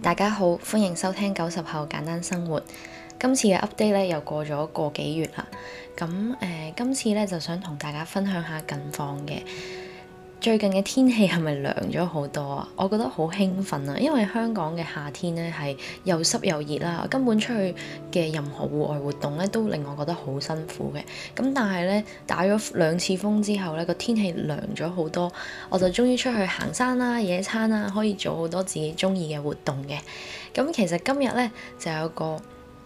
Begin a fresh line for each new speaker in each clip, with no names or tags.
大家好，歡迎收聽九十後簡單生活。今次嘅 update 咧，又過咗個幾月啦，咁誒，今次咧，呃，就想同大家分享下近況嘅。最近嘅天氣係咪涼咗好多啊？我覺得好興奮啊！因為香港嘅夏天咧係又濕又熱啦，根本出去嘅任何戶外活動咧都令我覺得好辛苦嘅。咁但係咧，打咗兩次風之後咧，個天氣涼咗好多，我就終於出去行山啦、啊、野餐啦、啊，可以做好多自己中意嘅活動嘅。咁其實今日咧，就有個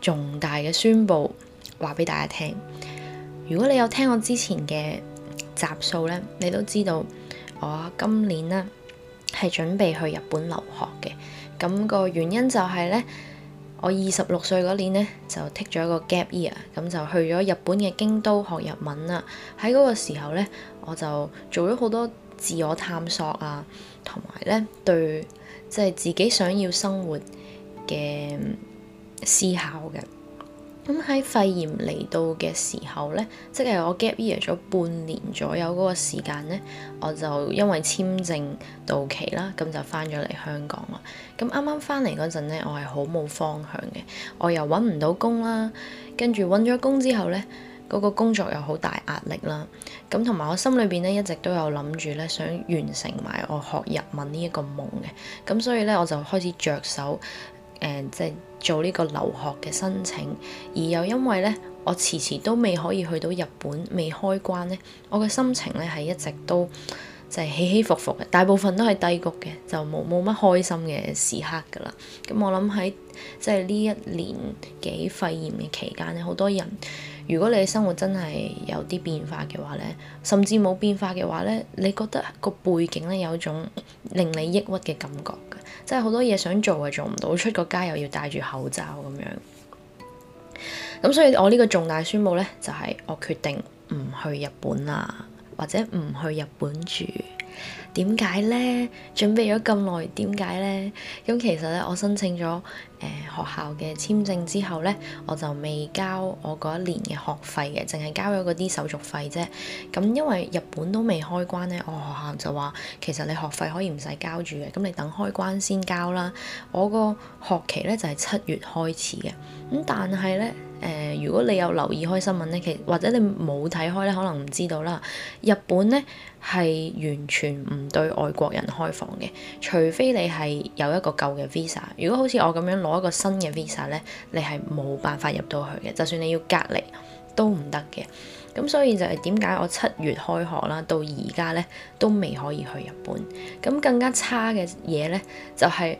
重大嘅宣佈話俾大家聽。如果你有聽我之前嘅集數咧，你都知道。我今年呢，係準備去日本留學嘅，咁個原因就係呢，我二十六歲嗰年呢，就 take 咗一個 gap year，咁就去咗日本嘅京都學日文啦。喺嗰個時候呢，我就做咗好多自我探索啊，同埋呢對即係、就是、自己想要生活嘅思考嘅。咁喺肺炎嚟到嘅時候呢，即係我 gap year 咗半年左右嗰個時間呢，我就因為簽證到期啦，咁就翻咗嚟香港啦。咁啱啱翻嚟嗰陣呢，我係好冇方向嘅，我又揾唔到工啦。跟住揾咗工之後呢，嗰個工作又好大壓力啦。咁同埋我心裏邊呢，一直都有諗住呢，想完成埋我學日文呢一個夢嘅。咁所以呢，我就開始着手。誒，即係、呃就是、做呢個留學嘅申請，而又因為咧，我遲遲都未可以去到日本，未開關咧，我嘅心情咧係一直都就係起起伏伏嘅，大部分都係低谷嘅，就冇冇乜開心嘅時刻㗎啦。咁、嗯、我諗喺即係呢一年幾肺炎嘅期間咧，好多人，如果你嘅生活真係有啲變化嘅話咧，甚至冇變化嘅話咧，你覺得個背景咧有一種令你抑鬱嘅感覺。即係好多嘢想做啊，做唔到，出個街又要戴住口罩咁樣。咁所以，我呢個重大宣佈咧，就係、是、我決定唔去日本啦，或者唔去日本住。點解呢？準備咗咁耐，點解呢？咁其實咧，我申請咗誒、呃、學校嘅簽證之後呢，我就未交我嗰一年嘅學費嘅，淨係交咗嗰啲手續費啫。咁因為日本都未開關呢，我學校就話其實你學費可以唔使交住嘅，咁你等開關先交啦。我個學期呢就係七月開始嘅，咁但係呢。誒、呃，如果你有留意開新聞咧，其或者你冇睇開咧，可能唔知道啦。日本咧係完全唔對外國人開放嘅，除非你係有一個舊嘅 visa。如果好似我咁樣攞一個新嘅 visa 咧，你係冇辦法入到去嘅，就算你要隔離都唔得嘅。咁所以就係點解我七月開學啦，到而家咧都未可以去日本。咁更加差嘅嘢咧，就係、是、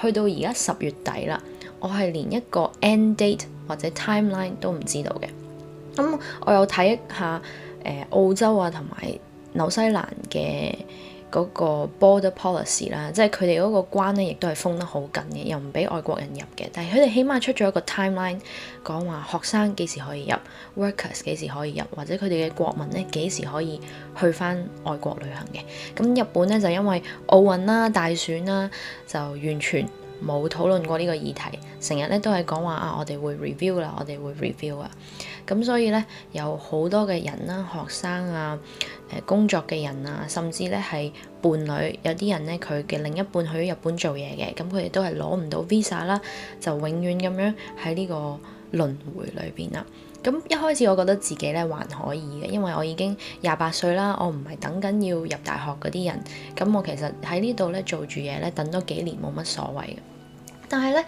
去到而家十月底啦，我係連一個 end date。或者 timeline 都唔知道嘅，咁、嗯、我有睇一下誒、呃、澳洲啊同埋紐西蘭嘅嗰個 border policy 啦，即係佢哋嗰個關咧，亦都係封得好緊嘅，又唔俾外國人入嘅。但係佢哋起碼出咗一個 timeline 講話學生幾時可以入，workers 幾時可以入，或者佢哋嘅國民咧幾時可以去翻外國旅行嘅。咁、嗯、日本咧就因為奧運啦、大選啦，就完全。冇討論過呢個議題，成日咧都係講話啊，我哋會 review 啦，我哋會 review 啊，咁所以咧有好多嘅人啦，學生啊，誒、呃、工作嘅人啊，甚至咧係伴侶，有啲人咧佢嘅另一半去日本做嘢嘅，咁佢哋都係攞唔到 visa 啦，就永遠咁樣喺呢個輪迴裏邊啦。咁一開始我覺得自己咧還可以嘅，因為我已經廿八歲啦，我唔係等緊要入大學嗰啲人，咁我其實喺呢度咧做住嘢咧，等多幾年冇乜所謂嘅。但係咧，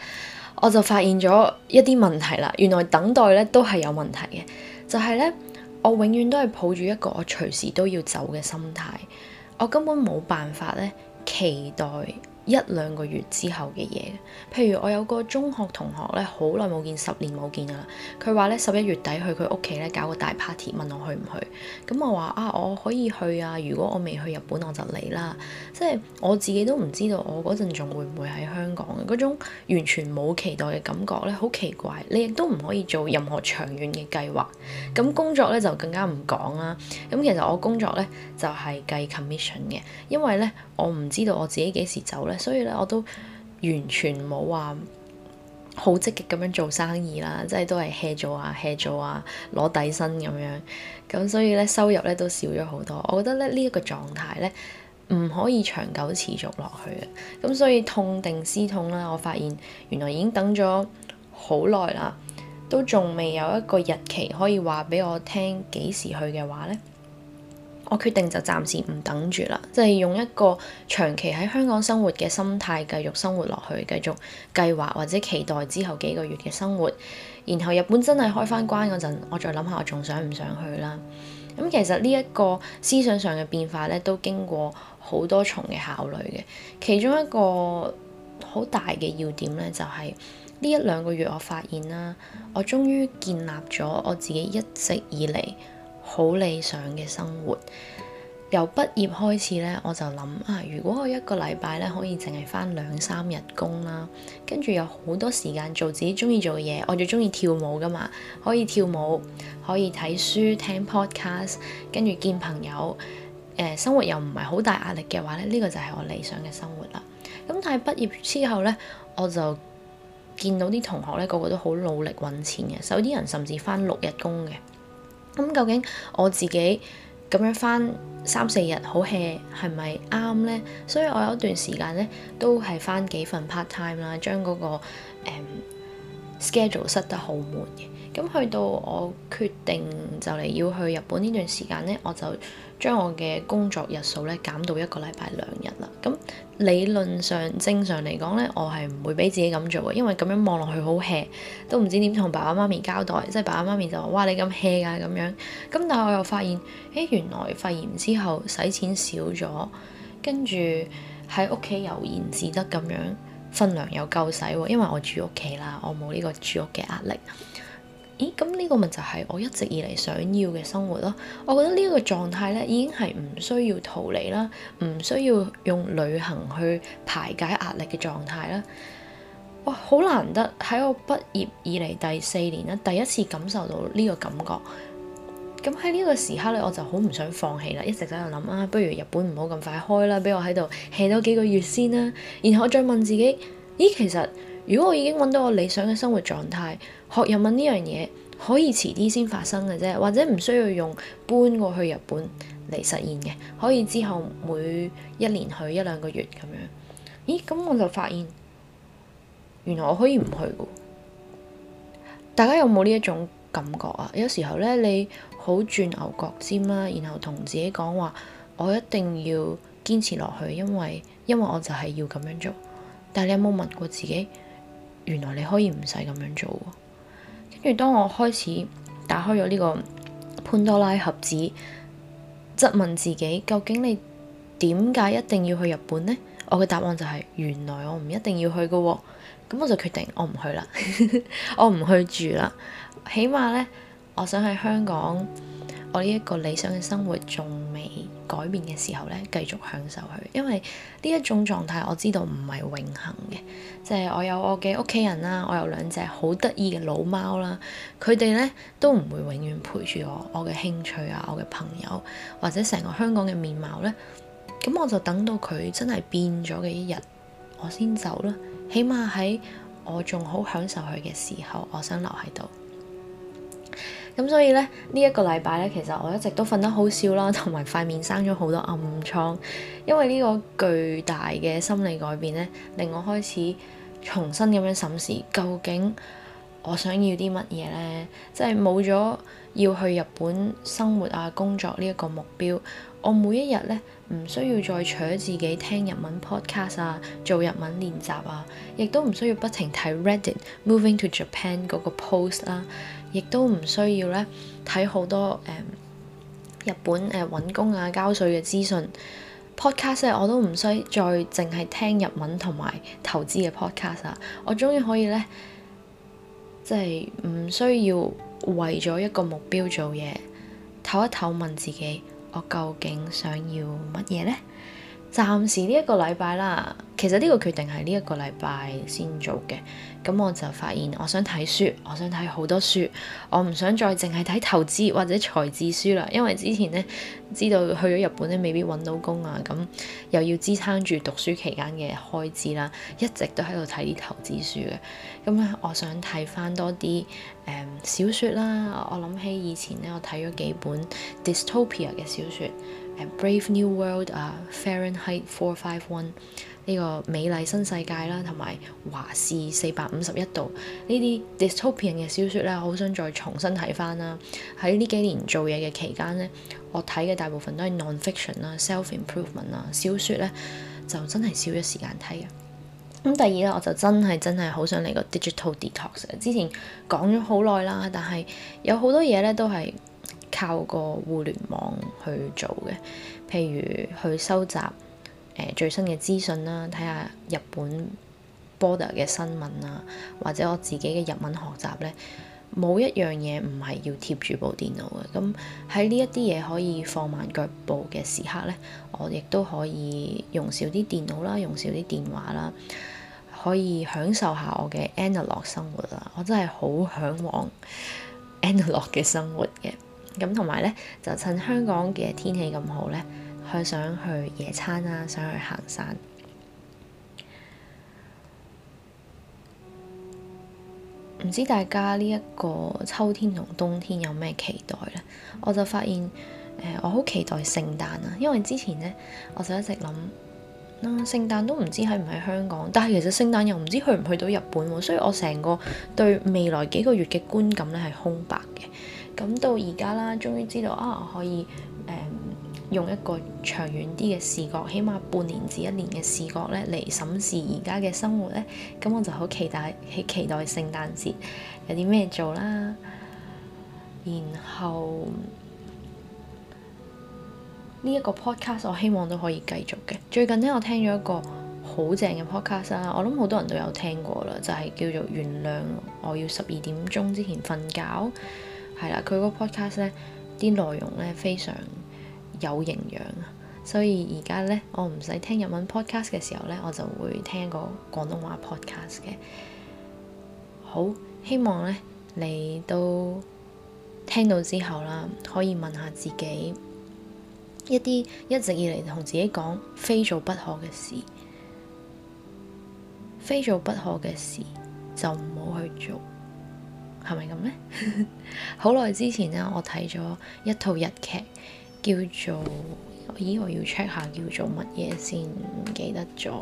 我就發現咗一啲問題啦。原來等待咧都係有問題嘅，就係咧，我永遠都係抱住一個我隨時都要走嘅心態，我根本冇辦法咧期待。一兩個月之後嘅嘢，譬如我有個中學同學咧，好耐冇見，十年冇見啦。佢話咧十一月底去佢屋企咧搞個大 party，問我去唔去。咁我話啊，我可以去啊。如果我未去日本，我就嚟啦。即係我自己都唔知道我嗰陣仲會唔會喺香港。嗰種完全冇期待嘅感覺咧，好奇怪。你亦都唔可以做任何長遠嘅計劃。咁工作咧就更加唔講啦。咁其實我工作咧就係計 commission 嘅，因為咧我唔知道我自己幾時走咧。所以咧，我都完全冇話好積極咁樣做生意啦，即係都係 hea 做啊 hea 做啊，攞底薪咁樣。咁所以咧，收入咧都少咗好多。我覺得咧呢一個狀態咧，唔可以長久持續落去嘅。咁所以痛定思痛啦，我發現原來已經等咗好耐啦，都仲未有一個日期可以話俾我聽幾時去嘅話咧。我決定就暫時唔等住啦，就係、是、用一個長期喺香港生活嘅心態繼續生活落去，繼續計劃或者期待之後幾個月嘅生活。然後日本真係開翻關嗰陣，我再諗下我仲想唔想去啦。咁、嗯、其實呢一個思想上嘅變化咧，都經過好多重嘅考慮嘅。其中一個好大嘅要點咧，就係、是、呢一兩個月，我發現啦，我終於建立咗我自己一直以嚟。好理想嘅生活，由畢業開始咧，我就諗啊，如果我一個禮拜咧可以淨係返兩三日工啦，跟住有好多時間做自己中意做嘅嘢，我最中意跳舞㗎嘛，可以跳舞，可以睇書、聽 podcast，跟住見朋友，誒、呃、生活又唔係好大壓力嘅話咧，呢、這個就係我理想嘅生活啦。咁但係畢業之後咧，我就見到啲同學咧個個都好努力揾錢嘅，有啲人甚至返六日工嘅。咁、嗯、究竟我自己咁樣翻三四日好 hea 係咪啱咧？所以我有一段時間咧都係翻幾份 part time 啦，將嗰，那個誒。嗯 schedule 塞得好滿嘅，咁去到我決定就嚟要去日本呢段時間呢，我就將我嘅工作日數呢減到一個禮拜兩日啦。咁理論上正常嚟講呢，我係唔會俾自己咁做嘅，因為咁樣望落去好 hea，都唔知點同爸爸媽咪交代，即係爸爸媽咪就話：哇，你咁 hea 㗎咁樣。咁但係我又發現，誒原來肺炎之後使錢少咗，跟住喺屋企悠然自得咁樣。分量又夠使喎，因為我住屋企啦，我冇呢個住屋嘅壓力。咦，咁呢個咪就係我一直以嚟想要嘅生活咯。我覺得呢個狀態呢，已經係唔需要逃離啦，唔需要用旅行去排解壓力嘅狀態啦。哇，好難得喺我畢業以嚟第四年啦，第一次感受到呢個感覺。咁喺呢個時刻咧，我就好唔想放棄啦，一直喺度諗啊，不如日本唔好咁快開啦，俾我喺度 hea 多幾個月先啦、啊。然後我再問自己，咦，其實如果我已經揾到我理想嘅生活狀態，學日文呢樣嘢可以遲啲先發生嘅啫，或者唔需要用搬過去日本嚟實現嘅，可以之後每一年去一兩個月咁樣。咦，咁我就發現，原來我可以唔去噶。大家有冇呢一種？感覺啊，有時候咧，你好轉牛角尖啦，然後同自己講話，我一定要堅持落去，因為因為我就係要咁樣做。但係你有冇問過自己，原來你可以唔使咁樣做、啊？跟住當我開始打開咗呢個潘多拉盒子，質問自己究竟你點解一定要去日本呢？我嘅答案就係、是，原來我唔一定要去嘅喎、啊。咁我就決定我唔去啦， 我唔去住啦。起碼咧，我想喺香港，我呢一個理想嘅生活仲未改變嘅時候咧，繼續享受佢。因為呢一種狀態我知道唔係永恆嘅，即係我有我嘅屋企人啦，我有兩隻好得意嘅老貓啦，佢哋咧都唔會永遠陪住我。我嘅興趣啊，我嘅朋友，或者成個香港嘅面貌咧，咁我就等到佢真係變咗嘅一日，我先走啦。起碼喺我仲好享受佢嘅時候，我想留喺度。咁所以咧，這個、禮呢一個禮拜咧，其實我一直都瞓得好少啦，同埋塊面生咗好多暗瘡，因為呢個巨大嘅心理改變咧，令我開始重新咁樣審視究竟。我想要啲乜嘢呢？即係冇咗要去日本生活啊、工作呢一個目標，我每一日呢，唔需要再除咗自己聽日文 podcast 啊、做日文練習啊，亦都唔需要不停睇 Reddit Moving to Japan 嗰個 post 啦、啊，亦都唔需要呢睇好多誒、嗯、日本誒、啊、揾工啊、交稅嘅資訊 podcast，啊、我都唔需再淨係聽日文同埋投資嘅 podcast、啊、我終於可以呢。即係唔需要為咗一個目標做嘢，唞一唞問自己，我究竟想要乜嘢咧？暫時呢一個禮拜啦，其實呢個決定係呢一個禮拜先做嘅。咁我就發現，我想睇書，我想睇好多書，我唔想再淨係睇投資或者財智書啦。因為之前呢，知道去咗日本咧，未必揾到工啊，咁又要支撐住讀書期間嘅開支啦，一直都喺度睇啲投資書嘅。咁咧、嗯，我想睇返多啲小説啦。我諗起以前咧，我睇咗幾本 dystopia 嘅小説。《Brave New World》啊，uh，《Fahrenheit Four Five One》呢個美麗新世界啦，同埋華氏四百五十一度呢啲 dystopian 嘅小説咧，好想再重新睇翻啦。喺呢幾年做嘢嘅期間咧，我睇嘅大部分都係 nonfiction 啦、self-improvement 啦，小説咧就真係少咗時間睇嘅。咁第二咧，我就真係真係好想嚟個 digital detox。之前講咗好耐啦，但係有好多嘢咧都係，靠個互聯網去做嘅，譬如去收集誒、呃、最新嘅資訊啦，睇下日本 border 嘅新聞啊，或者我自己嘅日文學習咧，冇一樣嘢唔係要貼住部電腦嘅。咁喺呢一啲嘢可以放慢腳步嘅時刻咧，我亦都可以用少啲電腦啦，用少啲電話啦，可以享受下我嘅 analogue 生活啊！我真係好嚮往 analogue 嘅生活嘅。咁同埋咧，就趁香港嘅天氣咁好咧，去想去野餐啊，想去行山。唔知大家呢一個秋天同冬天有咩期待呢？我就發現，誒、呃，我好期待聖誕啊！因為之前呢，我就一直諗啦、啊，聖誕都唔知喺唔喺香港，但係其實聖誕又唔知去唔去到日本喎，所以我成個對未來幾個月嘅觀感咧係空白嘅。咁到而家啦，終於知道啊，我可以誒、嗯、用一個長遠啲嘅視覺，起碼半年至一年嘅視覺咧嚟審視而家嘅生活咧。咁我就好期待，期待聖誕節有啲咩做啦。然後呢一個 podcast 我希望都可以繼續嘅。最近咧，我聽咗一個好正嘅 podcast 啦，我諗好多人都有聽過啦，就係叫做《原諒我要十二點鐘之前瞓覺》。係啦，佢個 podcast 咧，啲內容咧，非常有營養，所以而家咧，我唔使聽日文 podcast 嘅時候咧，我就會聽個廣東話 podcast 嘅。好，希望咧你都聽到之後啦，可以問下自己一啲一直以嚟同自己講非做不可嘅事，非做不可嘅事就唔好去做。係咪咁呢？好耐之前呢，我睇咗一套日劇，叫做，咦，我要 check 下叫做乜嘢先，唔記得咗。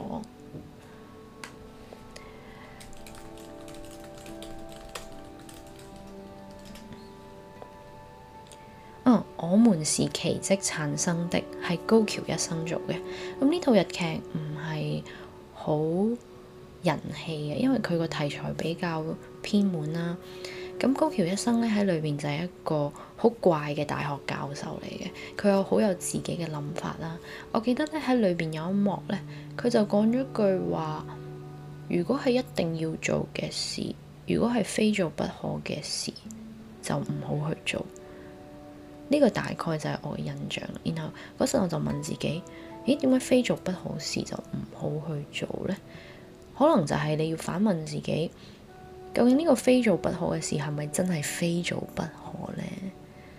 嗯、啊，我們是奇蹟產生的，係高橋一生做嘅。咁呢套日劇唔係好人氣嘅，因為佢個題材比較偏門啦。咁高橋一生咧喺裏邊就係一個好怪嘅大學教授嚟嘅，佢有好有自己嘅諗法啦。我記得咧喺裏邊有一幕咧，佢就講咗句話：如果係一定要做嘅事，如果係非做不可嘅事，就唔好去做。呢個大概就係我嘅印象。然後嗰陣我就問自己：咦，點解非做不可事就唔好去做呢？可能就係你要反問自己，究竟呢個非做不可嘅事係咪真係非做不可呢？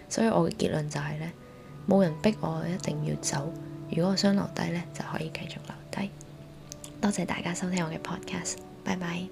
所以我嘅結論就係呢：冇人逼我一定要走，如果我想留低呢，就可以繼續留低。多謝大家收聽我嘅 podcast，拜拜。